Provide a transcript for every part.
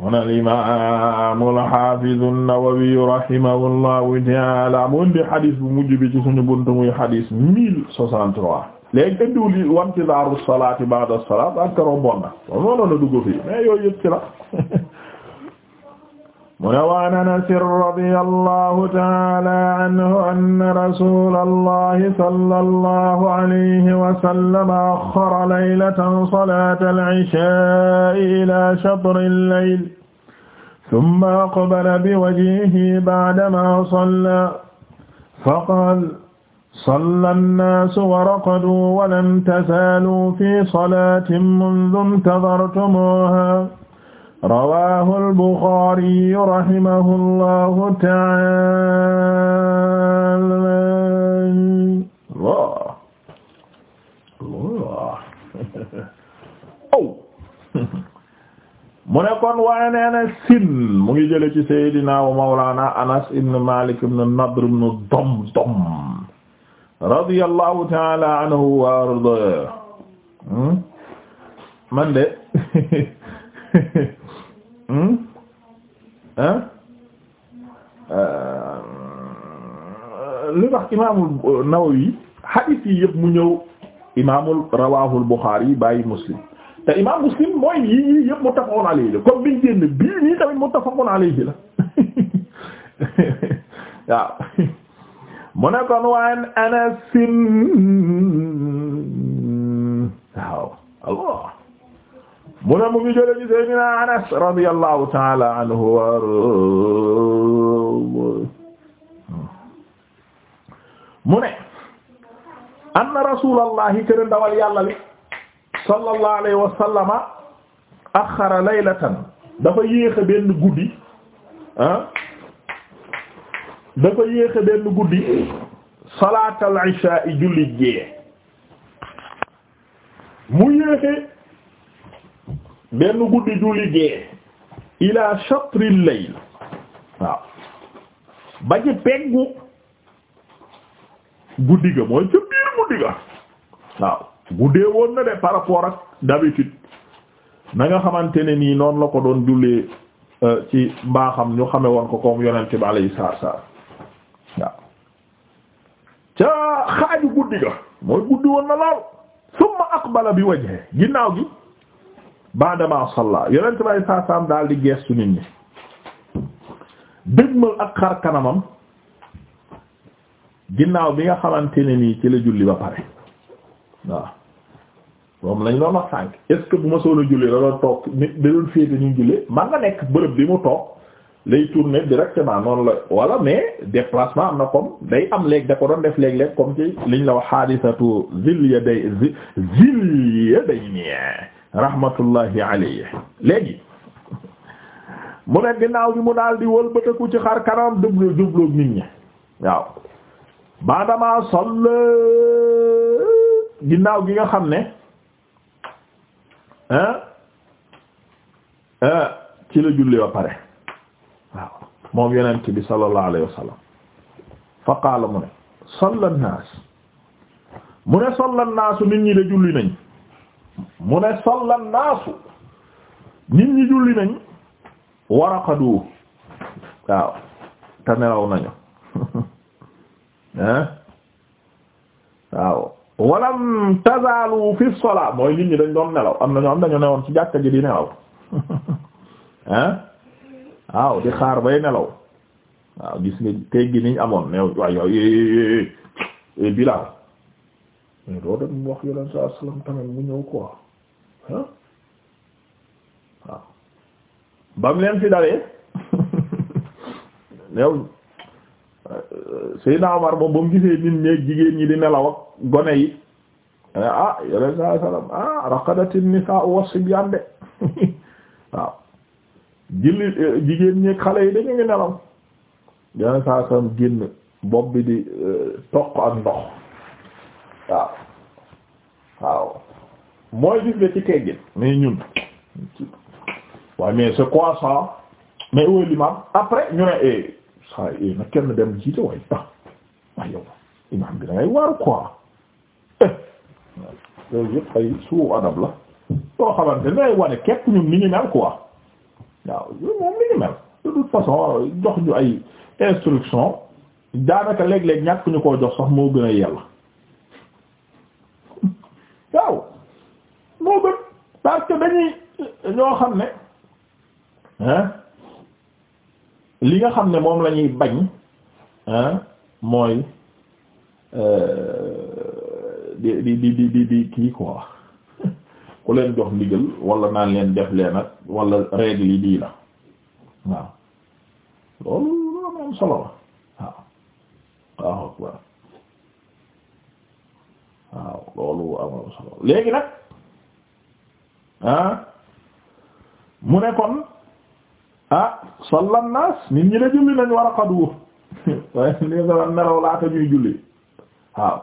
mun al-imaamu al-haafizu an-Nawawi rahimahullahu ta'aala mu indi xadis bu mujj bi ci suñu buntu muy xadis mille soixante-trois léegi indiwul yi wamtizaaru salaati ba'da salaat ak romboon na loolu la dugg fii mais yooyu yëpp ci la mu ne waan Anas radiyallahu ta'ala anhu anna rasulallahi sallallahu alayhi wa sallam akhkhara laylatan salatal ishaa'i ila shatril layl thumma aqbala biwajhihi ba'dama salla faqaala salla an-naasu wa raqaduu wa lam tazaaluu fi salaatin mundu intadartumuuhaa rawaahu al-Buxaari rahimahullahu ta'aala aw mu ne kon waaye nee na sin mu ngi jële ci Seydina wa Mawlaana Anas ibn Maalik ibn Nadr ibn Damdam radiyallahu ta'aala anhu wa ardaahu hmm? man de Euh, li tax imaamul Nawawi hadith yi yëpp mu ñëw imaamul rawaahul Bukhari bàyyi Muslim te imaam Muslim mooy yii yii yëpp muttafaqun alayhi la comme biñ génn bii nii tamit muttafaqun alayhi la waaw mu ne kon waan Anas waaw Allah mu ne mu ngi jële ci Seydina Anas radiyallahu ta'ala anhu war mu ne anna rasulallahi kër ndawal yàlla li sallallahu alayhi wa sallama axara laylatan dafa yéexe benn guddi ah dafa yéexe benn guddi salaatal isha i julli jee mu yéexe benn guddi julli gee ila shatril la waaw ba ci peggu guddi ga mooy ca biir guddi ga waaw guddee woon na de par rapport ak d'habitude na nga xamante ne nii noonu la ko doon jullee euh, ci mbaaxam ñu xame woon ko comme yonent bi alayhi salaatu salaam waaw ca xaaju guddi ga mooy guddi woon na lool summa aqbala bi wajhi ginnaaw gi baadama salla yonent bay saasaam daal di geestu nit ñi dëgmal ak xar kanamam ginnaaw bi nga xamante ni nii ci la julli ba pare waaw moom lañ doon wax sànq est bu ma soon julli da doon toog ni da doon féete ñu julli man nga nekk bërëb bi mu toog lay tourner directement noonu la wala mais déplacement am na comme day am léeg da ko doon def léeg-léeg comme ci liñ la wax xaadisatu zil ya day zil ya day rahmatullahi alayhi léegi mu ne ginnaaw bi mu daal di wëlbatiku ci xar kanam dublu jublu nit ñi waaw baadama salla ginnaaw gi nga xam ne ah ah ci la julli ba pare waaw moom yonent bi sallallahu alayhi wa sallam fa qaala mu ne salla an-naas mu ne salla an-naas nit ñi de julli nañ mu ne salla naasu nit ñi julli nañ waraqadu waaw te nelaw nañu hein waaw walam tazaalu fi salaa mooy nit ñi dañ doon nelaw am na ñoo am dañu newoon ci jàkka ji di nelaw hein waaw di xaar bay nelaw waaw gis nga teggi niñ amoon new waay yow eh, eh, eh, Bilaal mais doo dem wax yoleen sa sallam tamit mu ñëw quoi waaw ah. bam leen fi dalee yow euh, Seydina Omar moom ba mu gisee nit ñeeg jigéen ñi di nelaw ak gone yi ah yole saa salaam ah raqadati nisaa wa sibyaan de waaw jilli euh, jigéen ñeeg xale yi dañu ngi nelaw yole saa salaam génn bopp bi di euh, toq ak ndox waaw waaw mooy gis nga ci teggin mais ñun waaye mais c'est quoi ça mais wooy l'imam après ñu ne saa eh, eh, na kenn dem jiite waaye ah waaye yow imam bi da ngay waaru quoi eh, loolu yëpp ay suu adab la yoo xamante nay wane képp ñu mel quoi waaw moom ni ñu mel de toute façon jox ñu ay instruction daanaka léeg-léeg ñàkk ñu koo jox sax moo gën a yella parce dañuy ñoo xam ne hein li nga xam ne moom la ñuy bañ hein mooy euh, di di di di di di kii ku leen jox ndigal wala naan leen def leen ak wala règle yi dii la waaw loolu loolu moom solo la waaw waaw waaw loolu amoon solo léegi nag. ah mu nekkoon kon ah sallan naas nit ñi de julli nañ war a xadu waaye ni sawa neraw laata ñuy julli waaw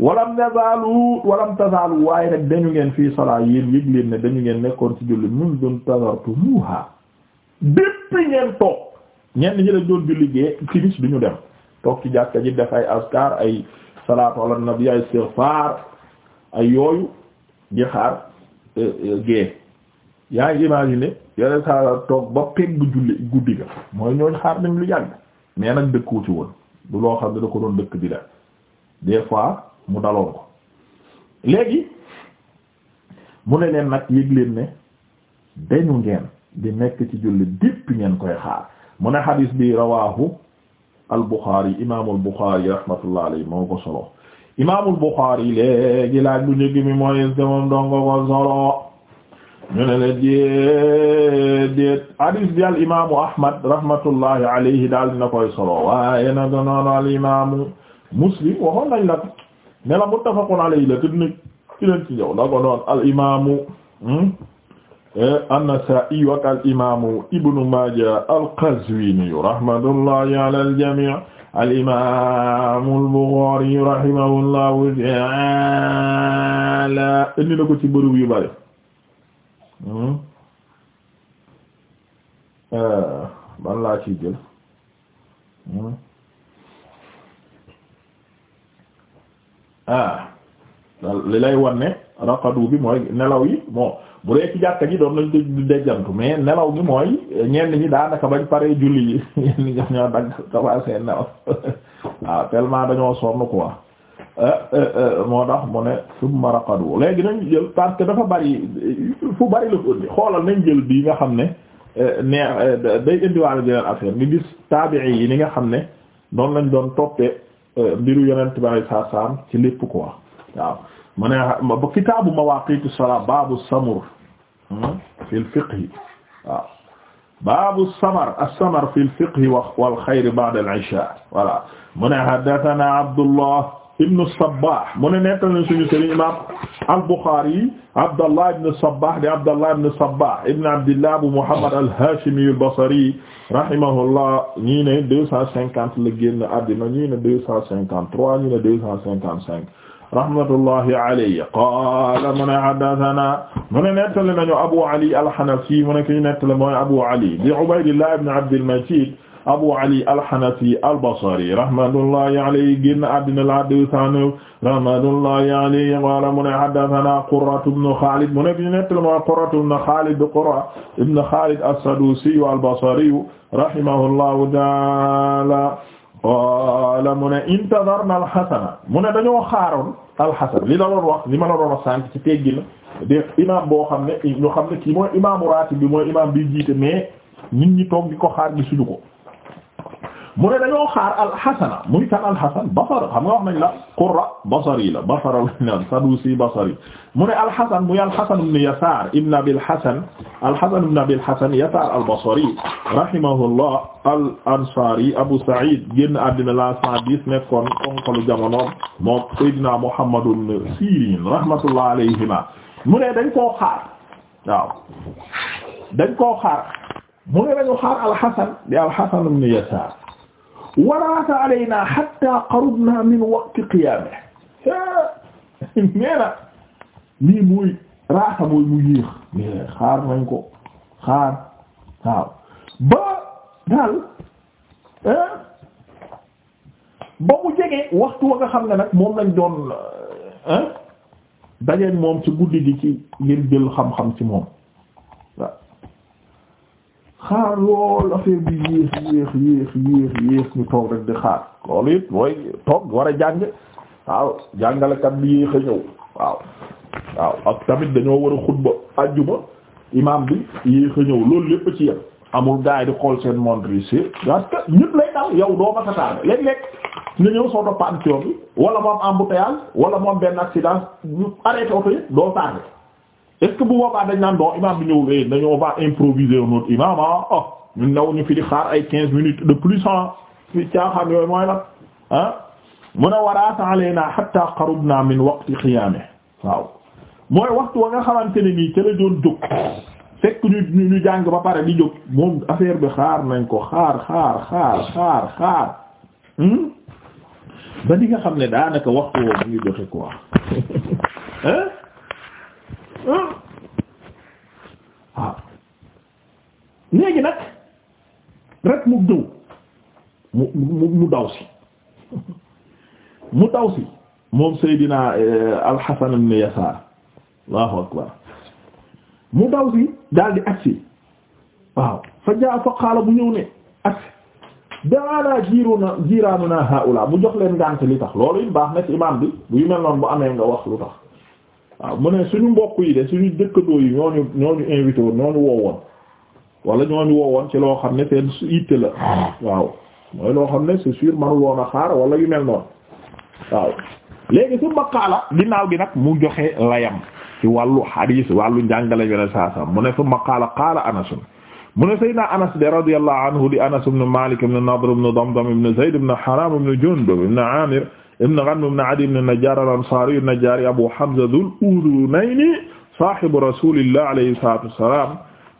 walam tazalu walam tazalu waaye nag dañu ngeen fii salaa yéen yëg leen dañu ngeen nekkoon ci julli mun doon tazartu muuha déppi ngeen toog ñenn ñi la doon julli gee timis du ñu dem toog ci jàkka ji def ay askar ay salaatu ala nabi ay istighfar ay yooyu di Euh, euh, gée yaa ngi imaginer yore saa toog ba pegg julli guddi ga mooy ñooñ xaar nañ lu yàgg mais nag dëkkuwu ci woon du loo xam ne da ko doon dëkk di la des fois mu daloon ko léegi mu ne leen nag yëg leen ne dañu ngeen di nekk ci julli dipp ngeen koy xaar mu ne xadiis bi rawaahu al Buxaari imaamul Buxaari rahmatullah alayhi moo ko solo imaamul Buxaari léegi laaj bu njëkk mi mooy est-ce que moom dongo ko solo ñu ne la déet déet hadis bi al imaamu Ahmad rahmatullahi alayhi daal dina koy solo waaye nag noonu al imaamu Muslim waxoon nañ la ne la muttafaqun alayhi la tëdd na ci leen ci jow da ko doon al imaamu hmm? Eh, an-Nasaa'i wa al-imaamu Ibnu Maaja al-Qazwiini rahmatullahi ala al-jamii' al-imaamu al-Bukhaari rahimahullahu ta'aala indi na ko ci bërëb yu bari hmm? eh, ban laa ciy jël hmm? ah li lay wan ne bi mooy nelaw yi bu dee ci jàkka ji doon nañ de dejjantu mais nelaw gi mooy ñenn ñi daanaka bañ paree julli yi ñenn ñi ñoo dagg commencé nelaw waaw tellement dañoo sonn quoi euh, euh, euh, moo tax mu ne summa raqadu léegi nañ jël parce que dafa bari fu bari la ko indi xoolal nañ jël bii nga xam ne ne day indiwaale beneen affaire yi ni nga xam ne noonu lañ doon toppee mbiru yeneen bi sallallahu alayhi wasallam ci lépp quoi waaw mu ne kitaabu mawaaqiitu salaa baabu samur hmm, fil fiqhi waaw baabu samar as-samar fil fiqhi wal xayri ba'da al-ishaa voilà mu ne haddathanaa Abdullah ibn Sabbah mu ne nettal na suñu sëriñ imaam al-Bukhari Abdallah ibn Sabbah di Abdallah ibn Sabbah ibn Abdillah Abu Muhammad al-Hashimi al-Basri rahimahullah ñii ne deux cent cinquante la génn àddina ñii ne deux cent cinquante trois ñii ne deux cent cinquante cinq rahmatullahi alayhi qaala mu ne haddathana mu ne nettali nañu Abu Ali al-Hanafi mu ne ki nettali mooy Abu Ali di Ubaydillah ibn Abd al-Majid Abu Ali al-Hanafi al-Basri rahmatullahi alayhi génn àddina la deux cent neuf rahmatullahi alayhi qaala mu ne haddathana Qurra ibn Khalid mu ne ki nettali mooy Qurra ibn Khalid Qurra ibn Khalid as-Sadusi al-Basri rahimahullahu ta'ala qaala mu ne intadarna alxasana mu ne dañoo xaaroon alxasan li la doon wax li ma la doon wax teggi la de imam boo xam ne ñu xam ne kii mooy imaamu bi mooy imam bi jiite mais nit ñi toog di ko xaar gisuñu ko mu ne dañoo xaar alxasana muy kan alxasan basar xam nga wax nañ la qurra basari la basara la sadusi basari mu ne alxasan muy alxasan ibn yasaar ibn abil xasan alxasan ibn abil xasan yasaar albasari rahimahullah al ansaari abu said génn àddina la cent dix nekkoon konkalu jamonoom moom sayyidina muhammad ibn sirin rahmatullah alayhima mu ne dañ koo xaar waaw dañ koo xaar mu ne dañu xaar alxasan di alxasan ibn yasaar waraata alaynaa hatta qarubnaa min waqti qiyaame nee na nii mooy raata mooy mu yéex xaar nañ ko xaar waaw ba daal ba mu jege waxtu wa nga xam ne nag moom lañ doon dajeen moom ci guddi gi ci ngir jël xam-xam ci moom xaar lool affaire bi yéex yéex yéex yéex ñu toog rek di xaar loolu it mooy toog war a jàng waaw jàngalekat bi yéex a ñëw waaw waaw ak tamit dañoo war a xutba àjjuma imaam bi yéex a ñëw loolu lépp ci yem amul gaay di xool seen montre yi si parce que ñëpp lay dal yow doo ma sataane léeg-léeg nga ñëw soo doppa am bi wala moom embouteillage wala moom benn accident ñu arrêté oto yi doo tardé est-ce que bu boobaa dañ naan don imam bi ñëw eh dañoo va improviser un autre imam ah oh ñun ndaw fi di xaar ay minutes de plus en ah, fi caaxaan yooyu mooy nag ah. a waraata alaynaa qarubna min waqti qiyaame mooy waxtu wa nga xamante ne nii ca la doon jóg fekk ñu ñu jàng ba pare di jóg moom affaire bi xaar nañ ko xaar xaar xaar xaar xaar hmm. ba di nga xam ne daanaka waxtu woo mu ngi jote quoi hein waaw ah. ah. léegi nag rek mu jëw mu mu mu daw moom Seydina eh, Al-Hasan ibn Yasaar Allahu akbar mu daw si daal di agsi waaw fa jaa fa qaala bu ñëw ne agsi daala jiruna jiraanuna haula mu jox leen ngànt li tax lool it baax na ci imaam bi buy mel noonu bu amee nga wax lu tax waaw mu ne suñu mbokk yi de suñu dëkk yi ñooñu ñooñu invité woon ñooñu woowoon wala ñooñu woowoon ci loo xam ne seen la waaw mooy loo xam ne c'est sûr manul woon a xaar wala yu mel noonu waaw léegi su maqaala ginnaaw gi nag mu joxe layam ci wàllu xadiis wàllu njàngale yone saa mu ne su maqaala qaala anasun mu ne Seydina Anas de radiyallahu anhu di Anas ibn Malik ibn Nadr ibn Damdam ibn Zayd ibn Haram ibn Jundub ibn Amir ibn Ghanm ibn Adi ibn Najjar al-Ansari an-Najjari Abu Hamza Dhul Udhunayni sahibu rasulillah alayhi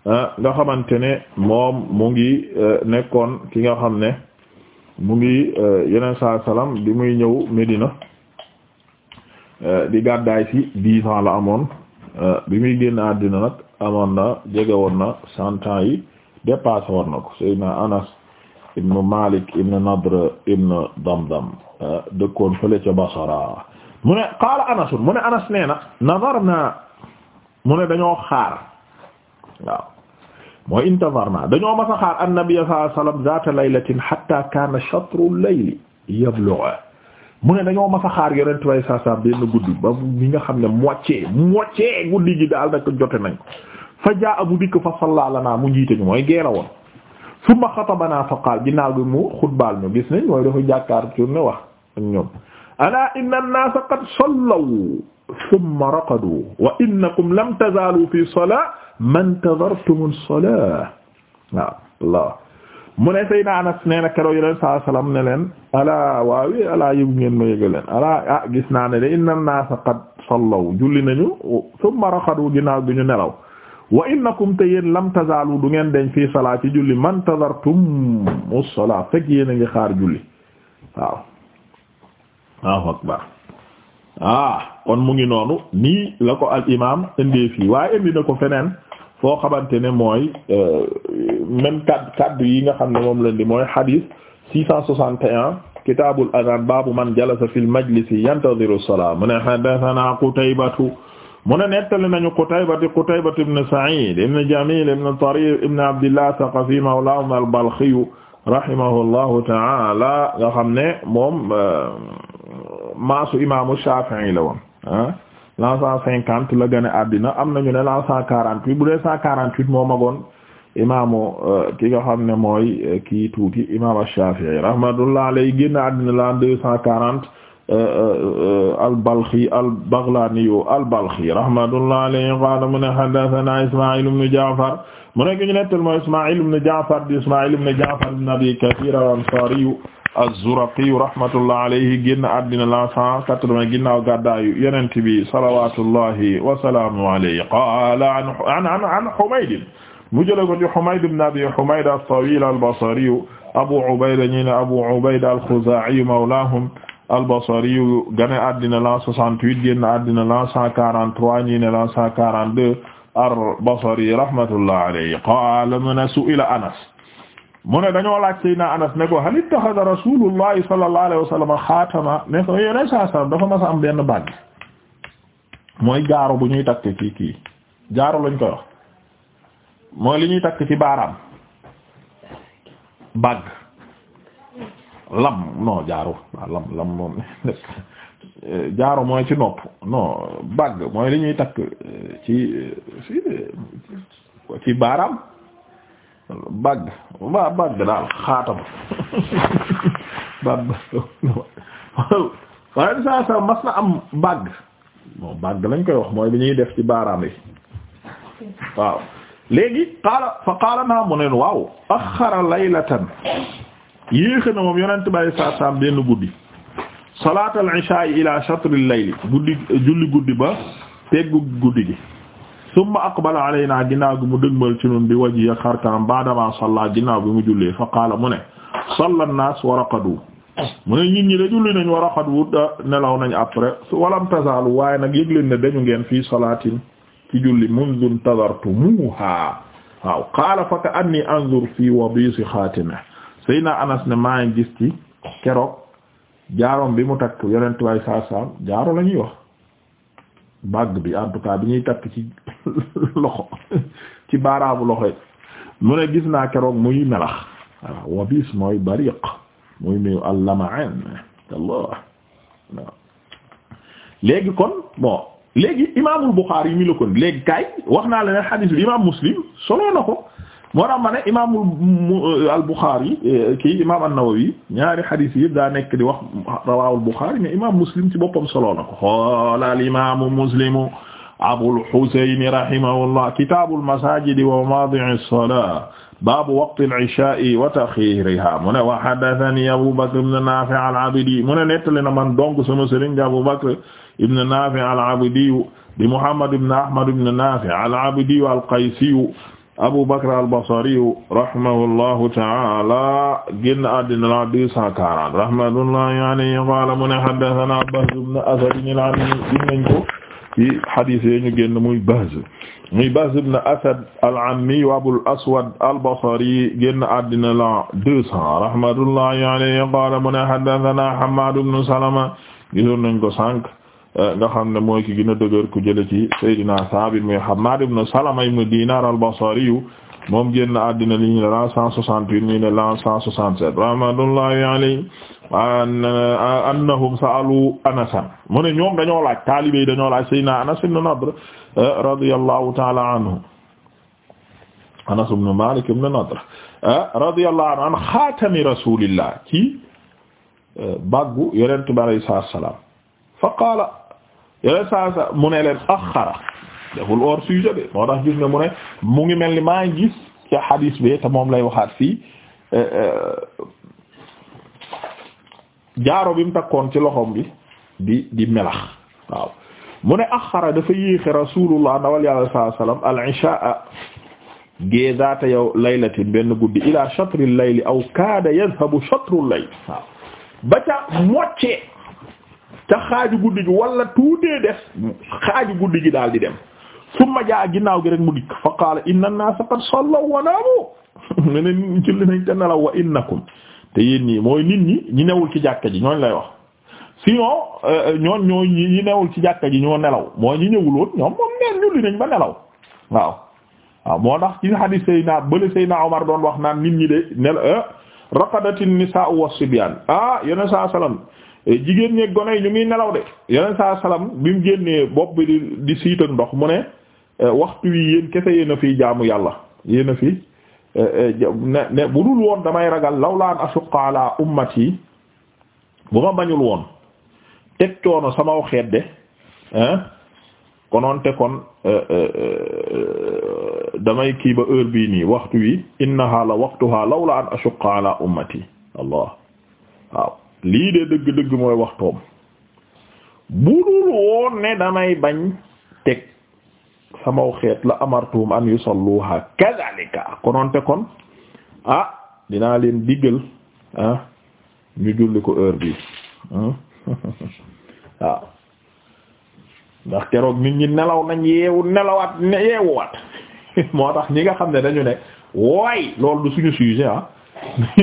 ah, nga xamante ne moom mu ngi eh, nekkoon ki nga xam ne mu ngi yeneen saa salaam bi muy ñëw Medina eh, di gàddaay ci dix la amoon eh, bi muy génn àddina nag amoon na jege na cent ans yi dépassé woon na Anas ibnu Malik ibnu Nadr ibnu Damdam euh, dëkkoon fële ca Basra mu ne qaala Anas mu ne Anas nee na nadarna mu ne dañoo xaar waaw mooy intadarna dañoo mas a xaar annabi sallallahu alayhi wasallam zaata laylatin hatta kaana shatru layli yablughu mu ne dañoo mas a xaar yonent way saa saa benn guddi ba mi nga xam ne moitié moitié guddi gi daal nag jote nañ ko fa jaa abu dikk fa salla lanaa mu jiite ñu mooy geela woon summa xatabanaa fa qaal ginnaaw bi mu xutbaal ñu gis nañ mooy dafa jàkkaar tur ne wax ak ñoom alaa inna an-naasa qad sallaw summa raqadu wa innakum lam tazaalu fi salaa ma intazartum as-salaa waaw Allah mu ne Seydina Anas nee na keroog yeneen saa salaam ne leen alaa waawi alaa yëgu ngeen ma yëga leen alaa ah gis naa ne de inna an-naasa qad sallaw julli nañu summa raqadu ginnaaw bi ñu nelaw wa innakum te yéen lam tazaalu du ngeen deñ fii salaa ci julli man tazartum mussalaa fekk yéen a ngi xaar julli waaw akbar ah kon mu ngi noonu nii la ko al imam indee fii waaye indi na ko feneen foo xamante ne mooy euh, même kaddu kaddu yi nga xam ne moom leen di mooy hadith six cent soixante et un baabu man jalasa fil majlisi yantadiru salaa mu ne hadathana qutaybatu mu ne nettali nañu Qutaybati Qutaybati ibn Sa'id ibn Jamil ibn Tarif ibn Abdillah Thaqafi ma al-Balkhi rahimahullahu ta'ala nga xam ne moom euh, maasu imaamu Shafi'i la woon ah l'an cent cinquante la gën àddina am nañu ne la cent quarante-huit bu dee cent quarante-huit moo magoon imaamu euh, ki nga xam ne mooy euh, kii tuuti imaam Shafi'i rahmatullah alayhi génn àddina l'an deux cent quarante Euh, euh, euh, al-Balkhi al-Baghlani al-Balkhi rahmatullah alayhi qala mu ne haddathana Isma'il ibn Ja'far mu ne ki ñu nettal mooy Isma'il ibn Ja'far di Isma'il ibn Ja'far ibn Abi Kathir al-Ansari az-Zuraqi rahmatullah alayhi génn àddina la 180 ginnaaw gàddaayu Yonent bi salawatullahi wa salamuhu alayhi qala an an an Humayd mu jële ko ci Humayd ibn Abi Humayd at-Tawil al-Basri Abu Ubayda ñi ne Abu Ubayda al-Khuza'i mawlahum al-Basri gane addina la 68 génn addina la 143 ñi ne la 142 al-Basri rahmatullah Anas mu dañoo laaj Seydina Anas ne ko hal ittakhadha rasulullahi sallallahu alayhi wa ne ko dafa mas benn bàgg mooy jaaro bu ñuy takk kii jaaro lañ koy wax mooy li ñuy takk ci baaraam bàgg lam non jaaro ah, lam lam moom jaaro mooy ci nopp non bague mooy li ñuy takk eh, eh, eh, ci baaraam bague ba bague daal xaatam bague waaye lañ koy wax mooy bi ñuy def ci baaraam yi waaw léegi qaala fa qaala naa mu neen waaw axara laylatan yéexa na moom yonent bàyyi saa saam benn guddi salaatal ishaa ila shatril layli guddi julli guddi ba teggu guddi gi summa aqbala alaynaa ginnaaw gi mu dëgmal ci ñun bi waji ya xarkanam baadama salla ginnaaw bi mu jullee fa qaala mu ne salla an-naas wa raqadu mu ne nit ñi de julli nañ wa raqadu nelaw nañ après walam tazaalu waaye nag yëg leen ne dañu ngeen fii salaatin ci julli mundu intadartumuha waaw qaala fa ka anni anzur fii wabiisi Seydina Anas ne maa ngi gis ci keroog jaaroom bi mu takk yonent waay saa saam jaaro la wax bàgg bi en tout cas bi ñuy takk ci loxo ci baaraabu loxo yi mu ne gis naa keroog muy melax waaw wabiis mooy bariq muy meew allamaan Allah waaw léegi kon bon léegi imaamul Buxaari mi la kon léegi kaay wax naa la ne xadiis imaam Muslim solo na ko moo tax ma ne imaamul euh, al Bukhari euh, kii imaam an-Nawawi ñaari xadiis yi daa nekk di wax rawaawul Bukhari mais imaam Muslim ci boppam solo na ko xoolal imaamu Muslimu Abul Husayn rahimahullah kitaabul masaajidi wa mawaadi'i s-salaat baabu waqtil ishaa'i wa taxiirihaa mu ne wa haddathanii Abu Bakr ibn Naafi' al-Abdi mu ne nettali na man donc sama sëriñ di Abu Bakr ibn Naafi' al-Abdi di Muhammad ibn Ahmad ibn Naafi' al-Abdi al-Qaysi Abu Bakr al-Basri rahimahullahu ta'ala génn àddina la 240 rahmatullahi alayhi qala mu ne haddathana Bahz ibn Asad nañ ko ci hadiis yi ñu génn muy Bahz muy Bahz ibn Asad al-Ammi wa Abul Aswad al-Basri génn àddina la 200 rahmatullahi alayhi qala mu ne haddathana Hammad ibn Salama gisoon nañ ko sànq Euh, nga xam ne mooy ki gën a dëgër ku jële ci Seydina Saabit muy Hammaad ibn Salama ibn Diinaar al-Basri moom génn àddina li ñu ne la 168 ñu ne la 167 rahmatullahi alayhi euh, annahum sa'alu anasan mu ne ñoom dañoo laaj taalibe dañoo laaj Seydina Anas ibn Nadr euh, radiyallahu ta'ala anhu Anas ibn Maalik ibn Nadr radiyallahu anhu an xaatami rasulillah ci baggu yonent bi alayhi salaam fa qaala yooyu saa sa mu ne leen axara deful hors sujet moo tax gis ne mu mu ngi mel ni maa ngi gis ci hadis bi te moom lay waxaat fii eh, eh, jaaro bi mu takkoon ci loxom bi di melax waaw mu ne axara dafa yéexe rasulullah ndawal yàlla sallallahu al isha gée zaata yow laylatin benn guddi ila shatril layli aw kaada yadhhabu shatrul layl waaw ba ca xaaju guddi gi wala tuutee des xaaju guddi gi daal di dem summa jaa ginnaaw gi rek mu dikk fa in inna an-naasa qad sallaw wa naamu ne ne nit ñi julli nañ te nelaw wa innakum te yéen ñii mooy nit ñi ñi newul ci jàkka ji ñooñ lay wax sinon euh, euh, ñooñ newul ci jàkka ji ñoo nelaw mooy ñi ñëwul woon ñoom moom neen julli nañ ba nelaw waaw waaw moo tax ci hadith Seyna bële Seyna Omar doon wax naan nit ñi de nel euh, raqadati nisaa wa sibyaan ah yeneen saa salaam jigéen ñeeg gone yi ñu ngi nelaw de yeneen saa salaam bi mu génnee bopp bi di di siit ndox mu ne eh, waxtu wi yéen kese yéen a fi jaamu yàlla yéen a fi eh, eh, ne bu dul woon damay ragal law asuqa ala ummati bu ma bañul woon teg coono sama xeet de damay kii ba heure bii nii waxtu wi innaha la waqtuha lawla an ummati waaw lii de dëgg-dëgg mooy waxtoom bu dul woon ne damay bañ teg samaw xeet la amartuum an yusalluha kadhalika kononte kon ah dinaa leen diggal ah ñu julli ko heure bi hmm? waaw ndax keroog nit ñi nelaw nañ yeewu nelawaat ne yeewuwaat moo tax ñi nga xam ne dañu ne waay loolu du suñu sujet ah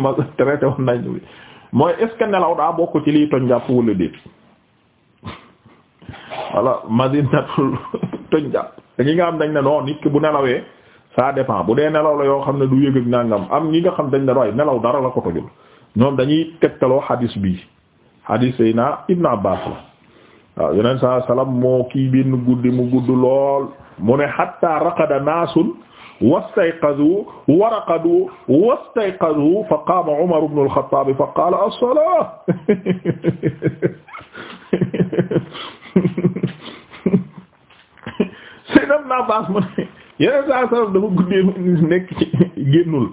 ma traité woon nañ mooy est-ce que nelaw daa bokk ci lii toj jàpp wala déet walla madinatul toj jàpp ñi nga xam dañ ne non nit ki bu nelawee ça dépend bu dee nelaw la yoo xam ne du yëg ak nangam am ñi nga xam dañ ne waaye nelaw dara la ko tojul noonu dañuy tegtaloo xadis bii xadis yi naa Ibn Abbas la waaw yeneen saa salaam moo kii benn guddi mu gudd lool mu ne hatta raqada naasun wastayqadu waraqadu wastayqadu fa qaama Umar ibn al-Khattab fa qaala as-salaa mu ne yeneen saa sallam dafa guddee nekk ci génnul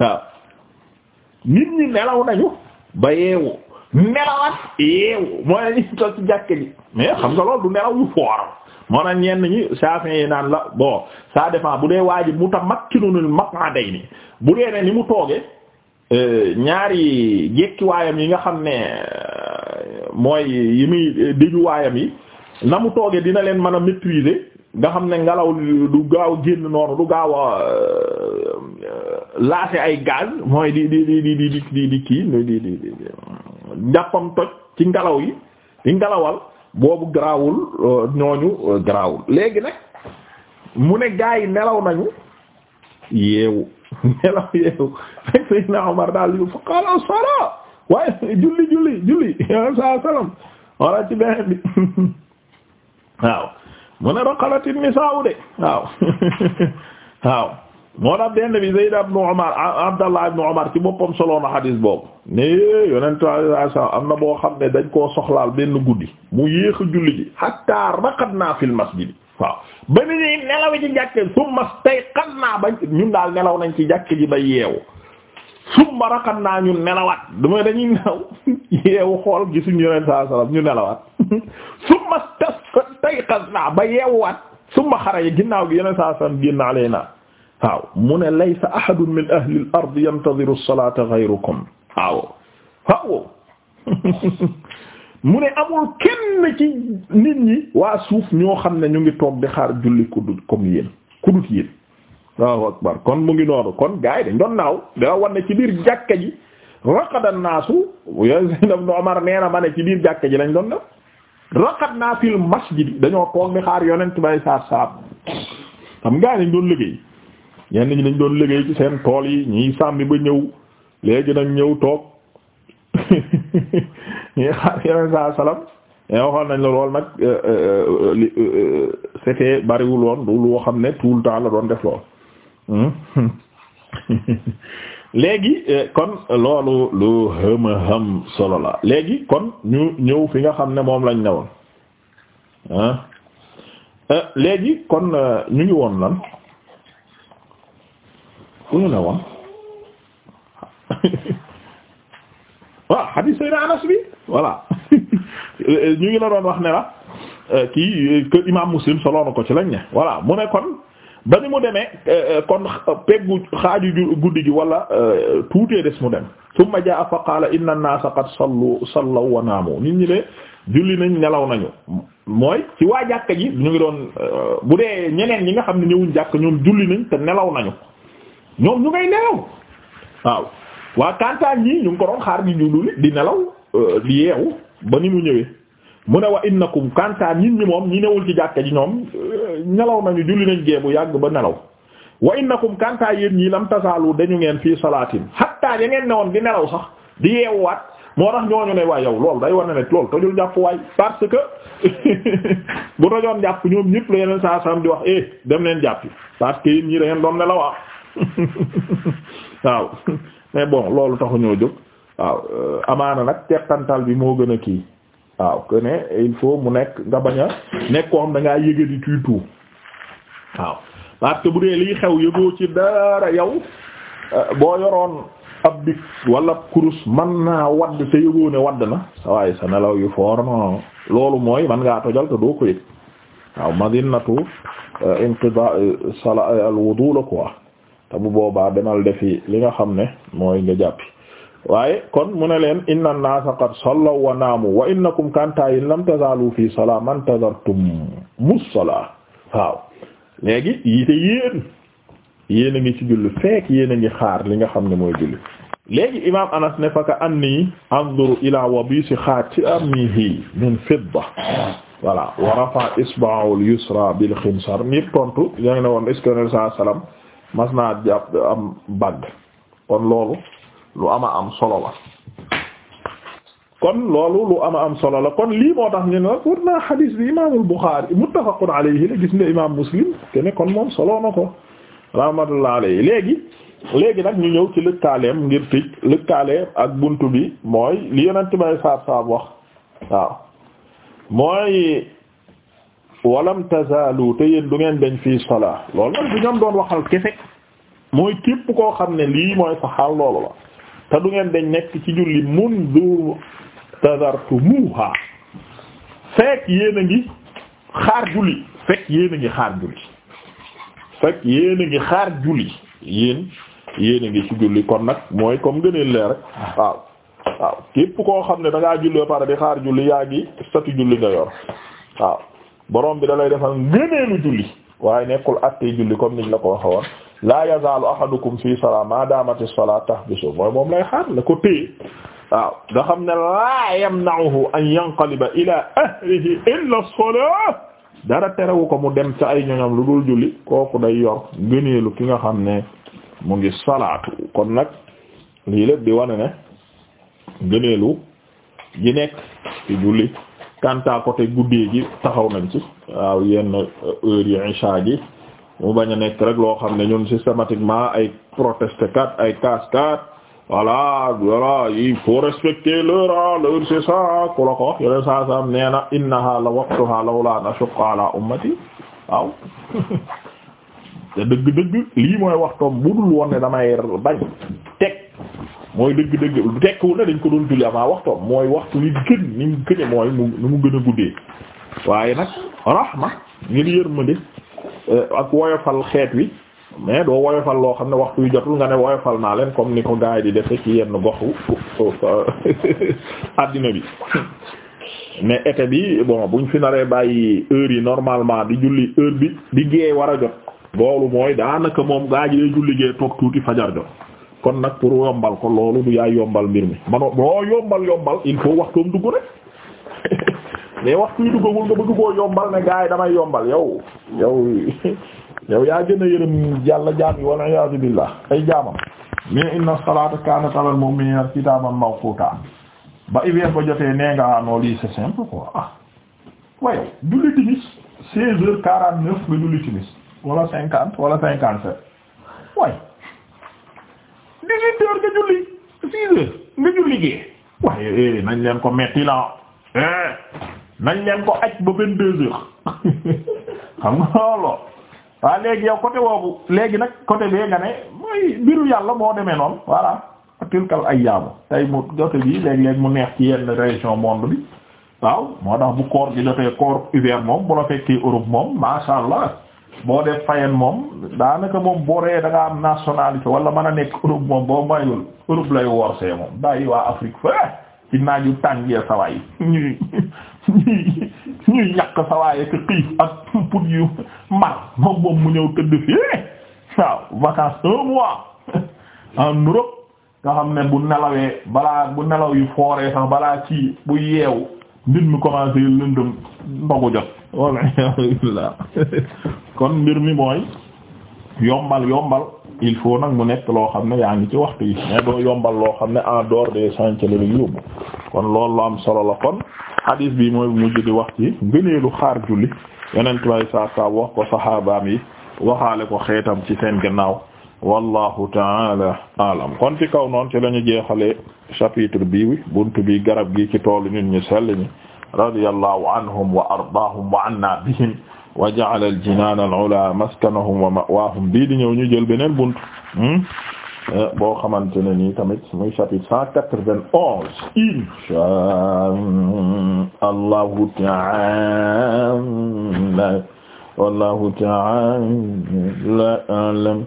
waaw nit ba yeewu nelawat yeewu mooy lañuy toog ci jàkke ji mais xam nga loolu du nelaw yu foor moo tax ñenn ñi Shafi'i yi naan la bon ça dépend bu dee waa ji mutamakkinul maq'adayni bu dee ne ni mu tooge ñaari jekkiwaayam yi nga xam ne mooy yi muy déjuwaayam yi na mu toogee dina leen mën a maîtriser nga xam ne ngelaw du gaaw génn noonu du gaaw a laase ay gaz mooy di di di di di di di kii di di di njàppam toj ci ngelaw yi di ngelawal boobu garaawul euh, ñooñu euh, garaawul léegi nag mu ne gaa yi nelaw nañu yeewu nelaw yeewu fekk Seydina Omar daal li fa qaala as-salaa julli julli julli saa salaam walla ci beneen bi waaw mu ne raqalati nisaa'u de waaw moo tax benn bi Zayd ibn Umar Abdallah ibn Umar ci boppam solo na xadis boobu ne yonent sallallahu am na boo xam ne dañ koo soxlaal benn guddi mu yéex a julli ji hatta raqadna fil masjid waaw ba ni ñuy nelaw ci jàkke ba ñun daal nelaw nañ ci jàkke ji ba yeewu summa ñu ñun du damay dañuy nelaw yeewu xool gisuñu yonent sallallahu alayhi wasallam ñu nelawaat summa stayqadna ba yeewuwaat summa xaraja ginnaaw gi yonent sallallahu alayhi génn alayna waaw mu ne laysa ahadun min ahli ard yantadiru as-salata ghayrukum waaw mu ne amul kenn ci nit ñi waa suuf ñoo xam ne ñu ngi toog di xaar julli kudut comme yéen kudut yéen waaw akbar kon mu ngi noonu kon gars yi dañ da war ne ci biir jàkka ji raqada naasu yooyu Seydina Ibn Umar nee na ma ne ci jàkka ji lañ doon def raqad naa fil masjid dañoo toog di xaar yonent bay saar saab xam ngaa dañ doon liggéey ñenn ñi dañ doon liggéey ci seen tool yi ñiy sàmmi ba ñëw léegi nag ñëw toog ñi xaar eh, nañ lool nag eh, eh, li c'était bariwul xam ne tout le la doon def lool hmm? léegi kon loolu lu hëma hëm solo la léegi kon ñu ñëw fi nga xam ne moom lañ ne woon ah? léegi kon ñu ngi woon lan fu ñu ne woon waaw hadith sayna Anas bi voilà ñu ngi la doon wax ne la euh, kii que imam Muslim solo na ko ci lañ ne voilà mu ne kon ba ni mu demee euh, kon peggu xaaju guddi gi wala euh, tuutee des mu dem thumma jaa fa qaala inna a naasa qad sallu sallaw wa naamu nit ñi de julli nañ nelaw nañu mooy ci waa jàkka ji ñu ngi doon bu dee ñeneen ñi nga xam ne ñëwuñ jàkk ñoom julli nañ te nelaw nañu ñoom ñu ngay nelaw waaw waa kantaan ñii ñu ngi ko doon xaar di julli di nelaw euh, di yeewu ba ni mu ñëwee mu ne wa innakum kantaan ñin ñi moom ñi newul ci jàkka ji ñoom euh, nelaw nañu julli nañ gee bu yàgg ba nelaw wa innakum kantaa yen ñii lam tasaalu dañu ngeen fii salaatin xattaa ya ngeen newoon di nelaw sax di yeewuwaat moo tax ñooñu ne waaye yow loolu day war na ne loolu tojul jàpp waay parce que bu tojoon jàpp ñoom ñëpp la yeneen saa sam di wax eh dem leen jàppi parce que ñii da ngeen doon nelaw ah. waaw mais bon loolu taxu ñoo jóg waaw euh, amaana nag teqantal bi moo gën a kii waaw que il faut mu nekk nga bañ a nekk koo xam da ngaa yëge di waaw parce bu dee liy xew yëgoo ci dara yow euh, boo yoroon ab big wala kurus man naa wadd te yëgoo ne wadd na sa sa nelaw yu foor non loolu mooy man ngaa tojal te doo ko yëg waaw madinatu euh, inqida sala al wudu la quoi te bu boobaa demal defi li nga xam ne mooy nga jàppi waaye kon mu ne leen inna an-naasa qad sallaw wa naamu wa innakum kantaayin lam tazaalu fi salaa man tazartum mussalaa waaw léegi yi te yéen a ngi ci julli fekk yéen a ngi xaar li nga xam ne mooy julli léegi imaam anas ne fa ka anni anzuru ila wabisi xaatamihi min fidda voilà wa rafa isba'u al-yusra bil xinsar ñépp tontu yaa ngi ne woon est-ce mas naa jàpp am bagg kon loolu lu ama am solo la kon loolu lu ama am solo la kon lii moo tax ñu ne la pour naa xadiis bi imaamul Buxaari muttafaqun alayhi la gis nga imaam Muslim te ne kon moom solo na ko rahmatullah alayhi léegi léegi nag ñu ñëw ci lëkkaaleem ngir tëj lëkkaaleem ak bunt bi mooy li yonent bay saab saab wax waaw mooy walam tazaalu te yéen du ngeen dañ fii salaa lool nag du ñoom doon waxal kese mooy képp koo xam ne lii mooy sa loolu la te du ngeen dañ nekk ci julli mundu tazartumuha fekk yéen a ngi xaar julli fekk yéen a ngi xaar julli fekk yéen a ngi xaar julli yéen yéen a ngi ci julli kon nag mooy comme gëneel leer waaw waaw képp koo xam ne da ngaa julli ba pare di xaar julli yaa ngi statut julli nga yor waaw borom bi da lay defal ngëneelu julli waaye nekkul attey julli comme niñ la ko waxee woon la yazaalu ahadukum fi salaa ma daamati salaa tahbisu mooy moom lay xaar la ko téye waaw nga xam ne laa yamna'uhu an yanqaliba ila ahlihi illa as-salaa dara terewu ko mu dem ca ay ñoñam lu dul julli kooku day yor ngëneelu ki nga xam ne mu ngi salaatu kon nag lii lépp di wane ne ngëneelu gi nekk ci julli kanta côté guddee gi taxaw nañ ci waaw yenn euh, heure yi isha gi mu bañ a nekk rek loo xam ne ñun systématiquement ay proteste kat ay casse kat voilà voilà il faut respecter l'heure l'heure c'est ça ku la ko wax yeneen saa saam nee na innaha la waqtuha ummati waaw te dëgg-dëgg lii mooy waxtoom budul woon ne damay bañ teg mooy dëgg-dëgg tekkiwul na dañ ko doon julli avant waxtoom mooy waxtu wi gën ni mu gëne mooy mu mu gën a guddee waaye nag rahma ngir yërmande eh, ak woyofal xeet wi mais doo woyofal loo xam ne waxtu yu jotul nga ne woyofal naa leen comme ni ko gaay di defe ci yenn goxu àddina bi mais été bi bon buñ fi naree bàyyi heure yi normalement di julli heure bi di gée war a jot loolu mooy daanaka moom gaa ji day julli gée toog tuuti fajar jot kon nag pour yombal ko loolu du yaay yombal mbir mi manoo boo yombal yombal il faut waxtoom dugg rek mais waxtu yi duggagul nga bëgg yombal ne gars yi damay yombal yow yow yow yaa gën a yërëm yàlla jaam yi wala iyaazu billah ay jaamam mais inna salata kanat alal mu'minina kitaban mawquta ba hiver ba jotee nee nga ah, noo lii c'est simple julli timis ah. seize heures quarante neuf nga julli timis wala cinquante wala cinquante sept dix-huit heures nga julli nga julli gée waaye eh, nañ leen ko metti la eh, nañ leen ko aj ba vingt-deux xam nga loolu waa léegi yow côté boobu léegi nag côté bee nga ne mooy biru yàlla moo demee noonu voilà tilkal ay yaamu tey mu jote bi léeg-léeg mu neex ci yenn région monde bi waaw moo tax bu koor gi jotee koor hiver moom bu la fekkee Europe moom masha Allah boo def fayen moom daanaka moom boo ree da nga am nationalité wala man a nekk Europe moom boo mayul Europe lay worsee moom bàyyi waa Afrique fa ci naaju tàngee sawaay ñuy ñuy ñàkk sawaay ak xiif ak put yu mar moom moom mu ñëw tëdd fii waaw vacances un mois en Europe nga xam ne bu nelawee balaa bu nelaw yu fooree sax balaa ci bu yeewu mbir mi commencé lëndëm ndogu jot walla alhamdulillah kon mbir mi mooy yombal yombal il faut nag mu nekk loo xam ne yaa ngi ci waxtu yi mais yombal loo xam ne en door des chantiers la yóbbu kon loolu lu am solo la kon hadis bi mooy bu mujj di wax ci ngëneelu xaar julli yeneen way saa saa wax ko saxaabaam yi waxaale ko xeetam ci seen gannaaw wallahu taala alam kon ci kaw noonu ci lañu jeexalee chapitre bii buntu bi garab gi ci toolu nit ñu sell ñi radiyallahu anhum wa ardaahum wa anna bihim wa ja'ala al-jinaan al-'ulaa maskanahum wa ma'waahum bii di ñëw ñu jël beneen buntu hmm? eh, boo xamante ne nii tamit muy chapitre cent quatre-vingt-onze inshaa Allahu ta'aala wallahu ta'aala a'lam